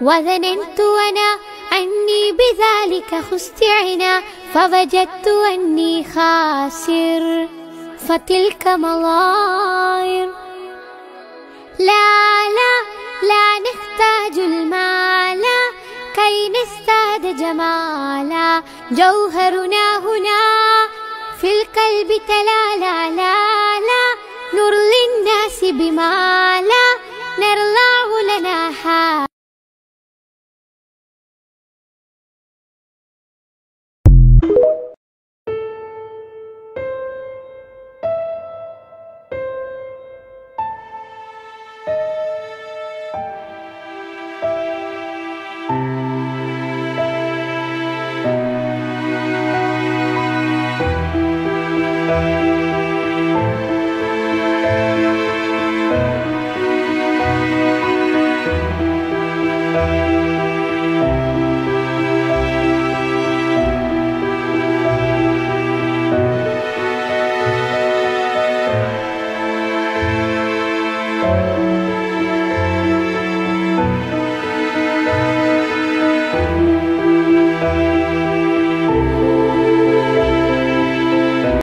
وظننت أنا أني بذلك خست عنا فوجدت أني خاسر فتلك مظاهر لا لا لا نحتاج المال كي نستعد جمالا جوهرنا هنا في القلب تلا لا لا لا نرضي الناس بما لا نرضاه لنا حال